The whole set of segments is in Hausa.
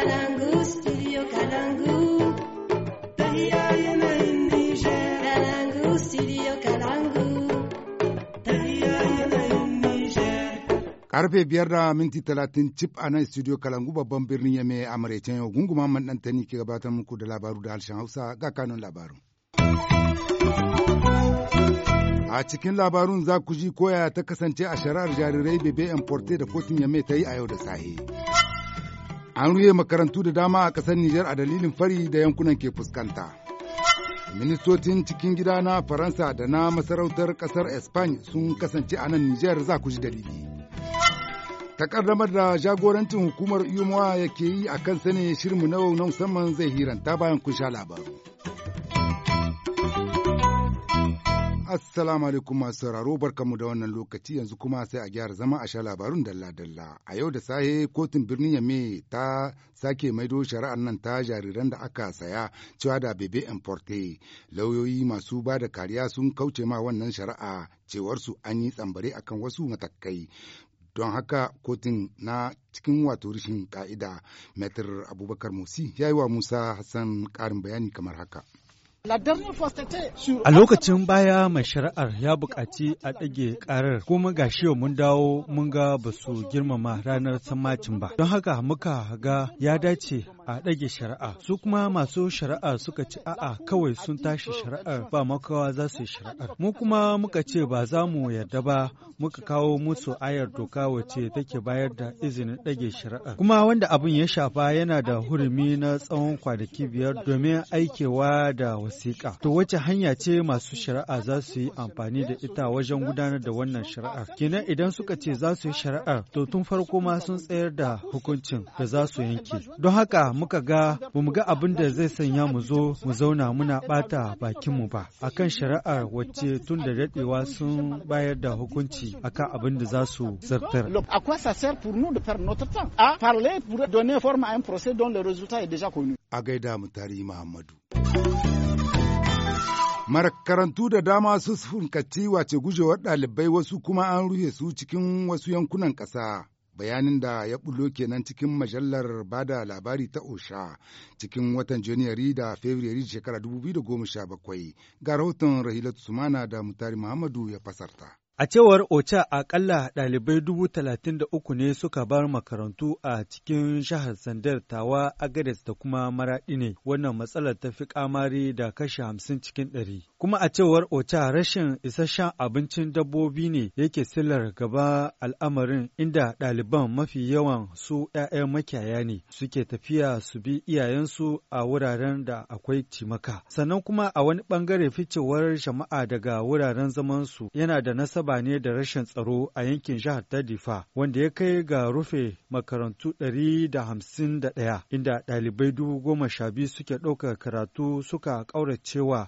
Kalangu, Karfe biyar da minti talatin cip a nan studio Kalangu babban birnin Yame a Maraicen yau. Gunguma tani ke gabatar muku da labaru da harshen Hausa ga kanun Labaru. A cikin labarun za ku ji koya ta kasance a shari'ar jarirai bebe importe da kotun ya mai ta yi a yau da sahe. An ruye makarantu da dama a ƙasar Nijar a dalilin fari da yankunan ke fuskanta. Ministocin cikin gida na Faransa da na masarautar ƙasar Espany sun kasance a nan Nijar za ku ji dalili. Takardamar da jagorancin hukumar Yumuwa yake yi a kan sane shirmu na musamman zai hiranta bayan kun sha labaru. Assalamu alaikum masu sauraro barkamu da wannan lokaci yanzu kuma sai a gyara zama a sha labarun dalla-dalla. A yau da sahe kotun birnin Yame ta sake maido shari'ar nan ta jariran da aka saya cewa da bebe importe. Lauyoyi masu ba da kariya sun kauce ma wannan shari'a cewarsu an yi tsambare akan wasu matakai. Don haka kotun na cikin wato rishin ka'ida Metir Abubakar Musi yayi wa Musa Hassan ƙarin bayani kamar haka. A lokacin baya mai shari'ar ya buƙaci a ɗage ƙarar kuma ga shi mun dawo mun ga ba su girmama ranar sammacin ba. Don haka muka ga ya dace a ɗage shari'a. Su kuma masu shari'a suka ci a'a kawai sun tashi shari'ar ba makawa za su yi shari'ar. Mu kuma muka ce ba za mu yarda ba muka kawo musu ayar doka wace take bayar da izinin ɗage shari'ar. Kuma wanda abin ya shafa yana da hurumi na tsawon kwanaki biyar domin aikewa da wasiƙa. To wace hanya ce masu shari'a za su yi amfani da ita wajen gudanar da wannan shari'ar? Kenan idan suka ce za su yi shari'ar, to tun farko ma sun tsayar da hukuncin da za su yanke. Don haka muka ga ba mu ga abin da zai sanya mu zo mu zauna muna bata bakin mu ba. Akan shari'ar wacce tun da daɗewa sun bayar da hukunci akan abin da za su zartar. A gaida Mutari Muhammadu. Makarantu da dama su funkaci wace gujewa ɗalibai wasu kuma an rufe su cikin wasu yankunan ƙasa. Bayanin da ya bullo kenan cikin majallar bada labari ta OSHA cikin watan Janairu da Fabrairu shekara 2017 ga rahoton rahilat Sumana da Mutari Muhammadu ya fasarta. A cewar OCHA akalla ɗalibai dubu talatin da uku ne suka bar makarantu a cikin shahar Sandar Tawa Agades da kuma Maraɗi ne wannan matsalar ta fi kamari da kashe hamsin cikin ɗari. Kuma a cewar OCHA rashin isasshen abincin dabbobi ne yake silar gaba al'amarin inda ɗaliban mafi yawan su ‘ya'yan makiyaya ne suke tafiya su bi iyayensu a wuraren da akwai cimaka. Sannan kuma a wani ɓangare ficewar jama'a daga wuraren zamansu yana da nasaba nasaba ne da rashin tsaro a yankin jihar ta Difa wanda ya kai ga rufe makarantu ɗaya, inda ɗalibai dubu goma sha biyu suke ɗaukar karatu suka ƙauracewa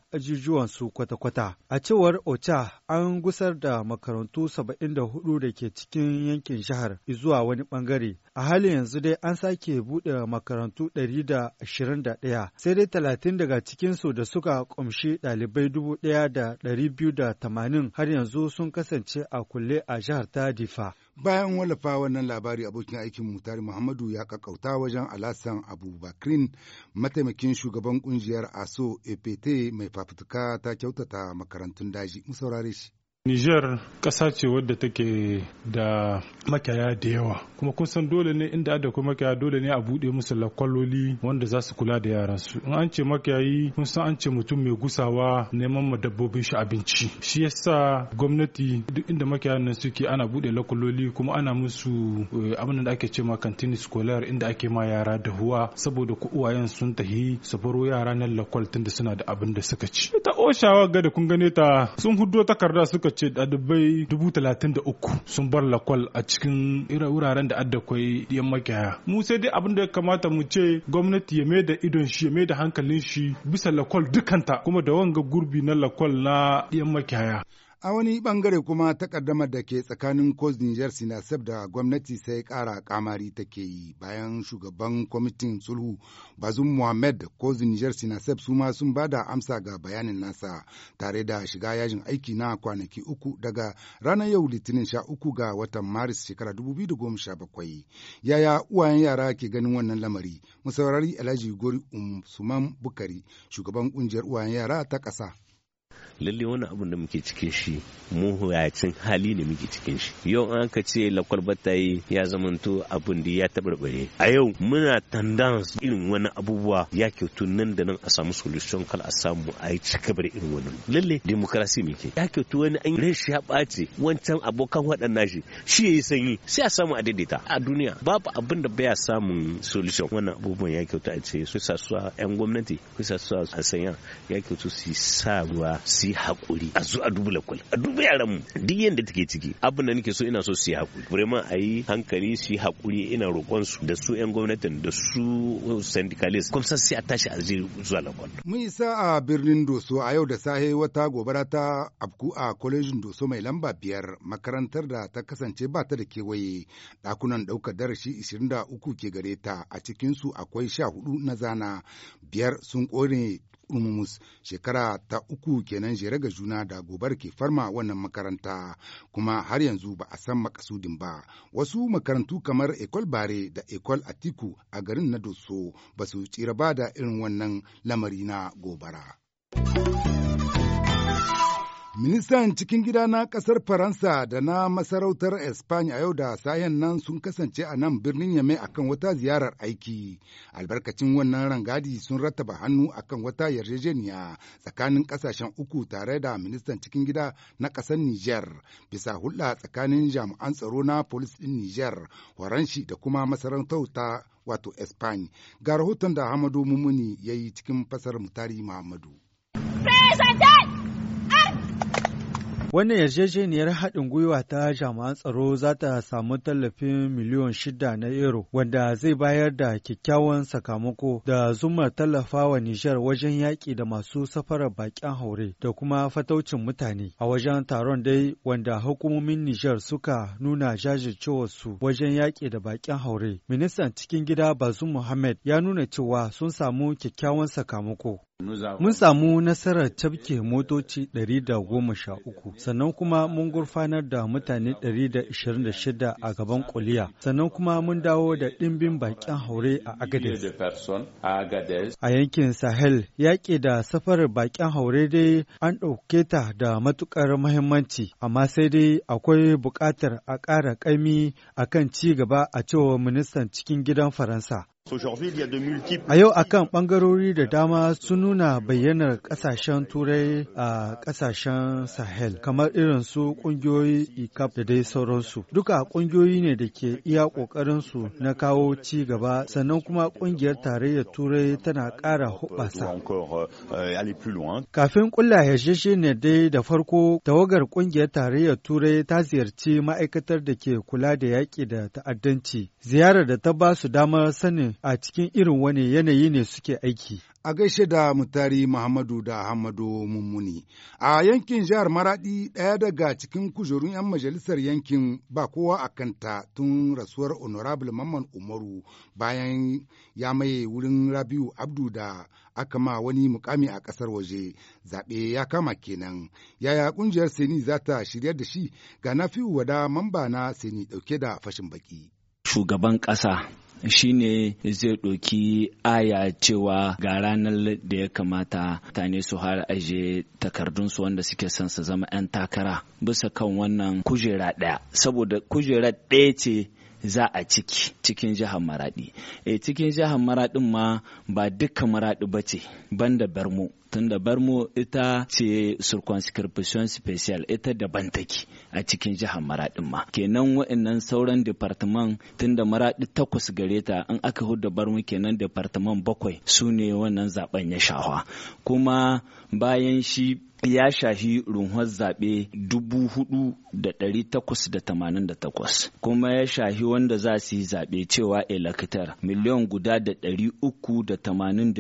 su kwata-kwata. A cewar Ocha an gusar da makarantu 74 da ke cikin yankin jihar zuwa wani ɓangare. A halin yanzu dai an sake buɗe makarantu 121 sai dai talatin daga cikinsu da suka ƙumshi ɗalibai 1,280 har yanzu sun kasa. kasance a kulle a jihar ta Difa. Bayan wallafa wannan labari abokin aikin Mutari Muhammadu ya kakauta wajen Alasan Abubakrin mataimakin shugaban kungiyar ASO EPT mai fafutuka ta kyautata makarantun daji. Musaurare saurare shi. Nijar ƙasa ce wadda take da makiyaya da yawa kuma kun san dole ne inda da kuma makiyaya dole ne a bude musu lakwaloli wanda za su kula da yaran su in an ce makiyayi kun san an ce mutum mai gusawa neman ma dabbobin shi abinci shi yasa gwamnati duk inda makiyayan nan suke ana bude lakwaloli kuma ana musu eh, abin da ake ce ma kantin scholar inda ake ma yara da huwa saboda ku uwayen sun tahi su baro yara nan lakwal tunda suna da abin da suka ci ta oshawa ga da kun gane ta sun huddo takarda suka ce ɗalibai dubu talatin da uku sun bar lakwal a cikin wuraren da kwai yan makiyaya mu sai dai abin da ya kamata mu ce gwamnati ya mai da idon shi ya mai da hankalin shi bisa lakwal dukanta kuma da wanga gurbi na lakwal na yan makiyaya A wani bangare kuma takaddamar da ke tsakanin Coast Niger da gwamnati sai ƙara kamari take yi bayan shugaban kwamitin sulhu Bazum Mohamed Coast Niger Sinasef su ma sun ba da amsa ga bayanin nasa tare da shiga yajin aiki na kwanaki uku daga ranar yau Litinin sha uku ga watan Maris shekara 2017. Yaya uwayen yara ke ganin wannan lamari? Musaurari Alhaji Gori Umsuman Bukari, shugaban ƙungiyar uwayen yara ta ƙasa. lalle wani abun da muke cikin shi muhuyacin hali ne muke cikin shi yau an ka ce lakwal batayi ya zamanto abun da ya tabarbare a yau muna tendance irin wani abubuwa ya kyautu nan da nan a samu solution kal a samu a yi cikabar irin wani lalle demokrasi ke ya kyautu wani an shi ya bace wancan abokan waɗannan shi shi ya yi sanyi sai a samu a daidaita a duniya babu abin da baya samun solution wannan abubuwan ya kyautu a ce su sa su yan gwamnati su sa su a sanya ya kyautu su sa ruwa su yi hakuri a zo a dubu lakwal a dubu yaran mu duk yadda take ciki abin da nake so ina so su yi haƙuri vraiment a yi hankali su yi hakuri ina roƙon su da su 'yan gwamnatin da su syndicalist kuma sai a tashi a zuwa lakwal. mun yi sa'a birnin doso a yau da sahe wata gobara ta afku a kwalejin doso mai lamba biyar makarantar da ta kasance ba ta da kewaye ɗakunan ɗaukar darasi 23 ke gare ta a cikinsu akwai sha hudu na zana biyar sun ƙone Umumus shekara ta uku kenan jere ga juna da gobar ke farma wannan makaranta kuma har yanzu ba a san makasudin ba. Wasu makarantu kamar Ecole Bare da Ecole Atiku a garin na Doso ba su tsira ba da irin wannan lamari na gobara. Ministan cikin gida na ƙasar Faransa da na masarautar Espanya a yau da sayan nan sun kasance a nan birnin Yame akan wata ziyarar aiki. Albarkacin wannan rangadi sun rattaba hannu akan wata yarjejeniya tsakanin ƙasashen uku tare da ministan cikin gida na ƙasar Nijar bisa hulɗa tsakanin jami'an tsaro na polis ɗin Nijar, Waranshi da kuma masarautar ta wato Espanya. Ga rahoton da Hamadu Mumuni ya yi cikin fasar Mutari Muhammadu. Wannan yarjejeniyar haɗin gwiwa ta jami'an tsaro za ta samu tallafin miliyon shida na euro wanda zai bayar da kyakkyawan sakamako da zumar tallafawa Nijar wajen yaƙi da masu safarar baƙin haure da kuma fataucin mutane. A wajen taron dai wanda hukumomin Nijar suka nuna jajircewarsu wajen yaƙi da baƙin haure. Ministan cikin gida Bazum Muhammad ya nuna cewa sun samu kyakkyawan sakamako. Mun samu nasarar cafke motoci 113 sannan kuma mun gurfanar da mutane 126 a gaban kuliya sannan kuma mun dawo da ɗimbin bakin haure a Agadez. A yankin Sahel yaƙi da safarar bakin haure dai an ɗauke ta da matuƙar mahimmanci amma sai dai akwai buƙatar a ƙara ƙaimi akan ci gaba a cewa ministan cikin gidan Faransa. A yau akan ɓangarori da dama sun nuna bayyanar ƙasashen Turai a ƙasashen Sahel, kamar irin su ƙungiyoyi ICAP e da dai sauransu. Duka ƙungiyoyi ne da ke iya ƙoƙarinsu na kawo ci gaba, sannan kuma ƙungiyar tarayyar Turai tana ƙara hubasa. Euh, Kafin ƙulla shi ne dai da farko, tawagar ƙungiyar tarayyar Turai ta ziyarci ma'aikatar da ke kula da yaƙi da ta'addanci. Ziyarar da ta ba su damar sanin a cikin irin wani yanayi ne suke aiki. A gaishe da mutari Muhammadu da Ahmadu Mummuni. A yankin jihar Maradi ɗaya daga cikin kujerun 'yan majalisar yankin ba kowa a kanta tun rasuwar Honorable Mamman Umaru bayan ya maye wurin Rabiu Abdu da aka ma wani mukami a ƙasar waje zaɓe ya kama kenan yaya ƙungiyar seni za ta shirya da shi ga nafi wada mamba na seni ɗauke da fashin baƙi. shugaban ƙasa shi ne zai ɗoki aya cewa ga ranar da ya kamata tane su har aje takardunsu wanda suke son su zama 'yan takara bisa kan wannan kujera ɗaya saboda kujera ɗaya ce za a ciki cikin jihar maradi e cikin jihar maradin ma ba duka maradi ba ce banda bermo tunda bermo ita ce circumscription special ita daban take a cikin jihar maradin ma kenan wa'annan sauran department tunda maradi takwas gare ta in aka huda bermo kenan department bakwai su ne wannan zaben ya shawa kuma bayan shi ya shahi runhuwar zaɓe 4,888 kuma ya shahi wanda za su yi zaɓe cewa elekitar miliyan guda da uku da tamanin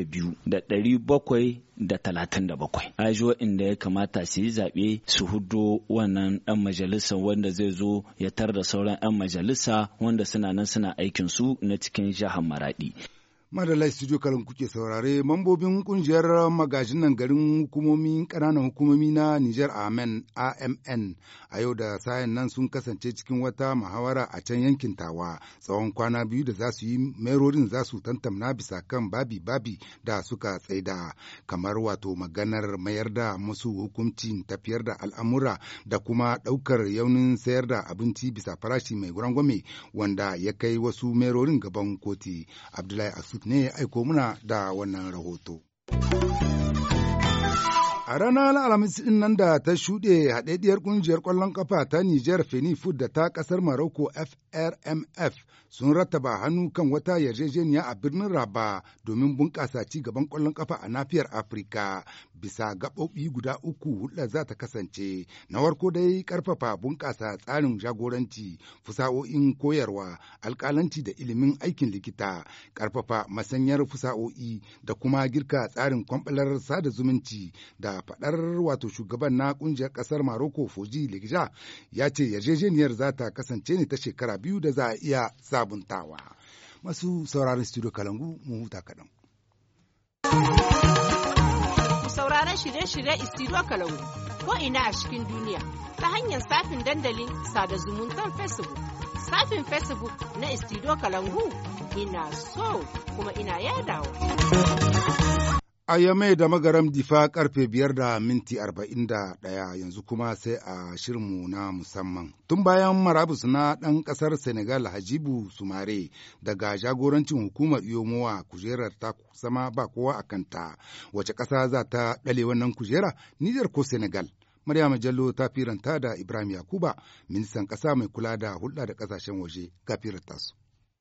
da talatin da bakwai ajo inda ya kamata su yi zaɓe su hudo wannan ɗan majalisa wanda zai zo ya tar da sauran 'yan majalisa wanda suna nan suna aikinsu na cikin jihar maraɗi Madalai Studio Kalan kuke saurare mambobin kungiyar magajin nan garin hukumomi ƙananan hukumomi na Nijar Amen AMN a yau da sayan nan sun kasance cikin wata muhawara a can yankin Tawa tsawon kwana biyu da za su yi merorin za su tantamna bisa kan babi babi da suka tsaida kamar wato maganar mayar da musu hukuncin tafiyar da al'amura da kuma ɗaukar yaunin sayar da abinci bisa farashi mai gwangwame wanda ya kai wasu merorin gaban koti Abdullahi ne ya aiko muna da wannan rahoto. A ranar Alhamis ɗin nan da ta shuɗe haɗaɗɗiyar ƙungiyar ƙwallon ƙafa ta Nijar Feni Food da ta ƙasar Maroko rmf sun rattaba hannu kan wata yarjejeniya a birnin raba domin bunƙasa ci gaban ƙwallon ƙafa a nafiyar afirka bisa gaɓoɓi guda uku hulɗa za ta kasance na farko dai ƙarfafa bunƙasa tsarin jagoranci fusa'o'in koyarwa alƙalanci da ilimin aikin likita ƙarfafa masanyar fusa'o'i da kuma girka tsarin kwamfalar sada zumunci da faɗar wato shugaban na ƙungiyar ƙasar maroko foji ligja ya ce yarjejeniyar za ta kasance ne ta shekara biyu biyu da za a iya sabuntawa. Masu sauraron studio Kalangu mu huta kaɗan. Sauraron shirye shiryen studio Kalangu ko ina a cikin duniya ta hanyar safin dandalin sada zumuntar Facebook. Safin Facebook na studio Kalangu ina so kuma ina yadawa. A yame da magaram difa karfe biyar da minti arba'in da ɗaya yanzu kuma sai a shirmu na musamman. Tun bayan marabus na ɗan ƙasar Senegal Hajibu Sumare daga jagorancin hukumar Iyomowa kujerar ta zama ba kowa a kanta. Wace ƙasa za ta ɗale wannan kujera? Nijar ko Senegal? Maryam Jallo ta firanta da Ibrahim Yakuba, ministan ƙasa mai kula da hulɗa da ƙasashen waje, ga firanta su.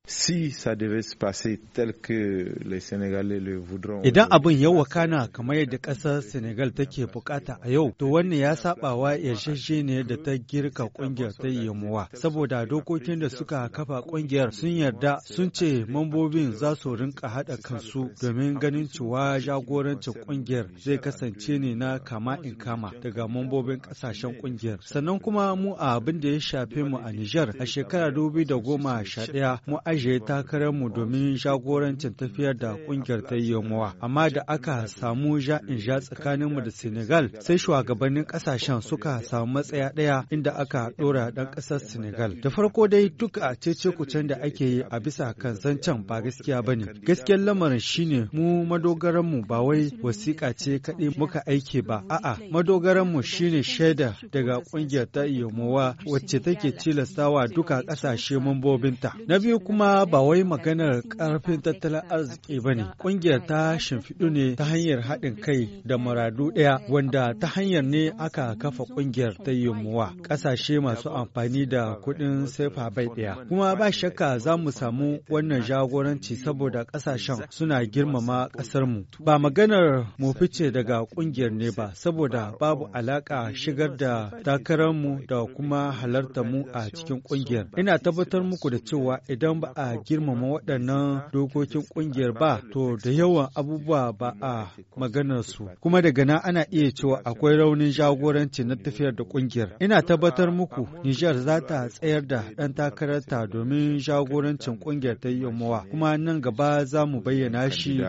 si ça devait se passer tel que les Sénégalais le voudront. Idan abin ya wakana kamar yadda ƙasar Senegal take bukata a yau, to wannan ya sabawa ne da ta girka kungiyar ta yamuwa saboda dokokin da suka kafa kungiyar sun yarda sun ce mambobin za su rinka haɗa kansu domin ganin cewa jagorancin kungiyar zai kasance ne na kama in kama daga mambobin ƙasashen kungiyar. Sannan kuma mu a abin da ya shafe mu a Nijar a shekara 2011 mu ajiye takararmu domin jagorancin tafiyar da kungiyar ta yi amma da aka samu ja in ja tsakaninmu da Senegal sai shugabannin kasashen suka samu matsaya ɗaya inda aka ɗora dan kasar Senegal. Da farko dai duk a cece kucen da ake yi a bisa kan zancen ba gaskiya bane. Gaskiyar lamarin shine mu madogaranmu ba wai wasiƙa ce kaɗai muka aiki ba, a'a madogaranmu shine shaida daga ƙungiyar ta Iyomowa wacce take tilastawa duka ƙasashe mambobinta. Na biyu kuma ba wai maganar ƙarfin tattalin arziki ba ne. Ƙungiyar ta shimfiɗu ne ta hanyar haɗin kai da muradu ɗaya wanda ta hanyar ne aka kafa ƙungiyar ta yimuwa ƙasashe masu amfani da kuɗin sefa bai ɗaya. Kuma ba shakka za mu samu wannan jagoranci saboda ƙasashen suna girmama ƙasarmu. Ba maganar mu fice daga ƙungiyar ne ba saboda babu alaƙa shigar da takararmu da kuma halartar mu a cikin ƙungiyar. Ina tabbatar muku da cewa idan ba ba a girmama waɗannan dokokin ƙungiyar ba to da yawan abubuwa ba a maganar su kuma daga nan ana iya cewa akwai raunin jagoranci na tafiyar da ƙungiyar ina tabbatar muku Nijar za ta tsayar da ɗan takararta domin jagorancin ƙungiyar ta yi yammawa kuma nan gaba za mu bayyana shi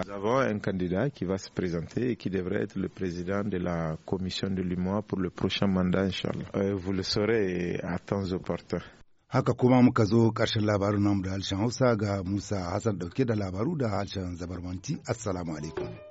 commission de le prochain mandat, Inch'Allah. Euh, vous le saurez à temps opportun. Haka kuma muka zo karshen labarin namu da harshen Hausa ga Musa Hassan ɗauke da labaru da harshen zabarmanti. Assalamu alaikum.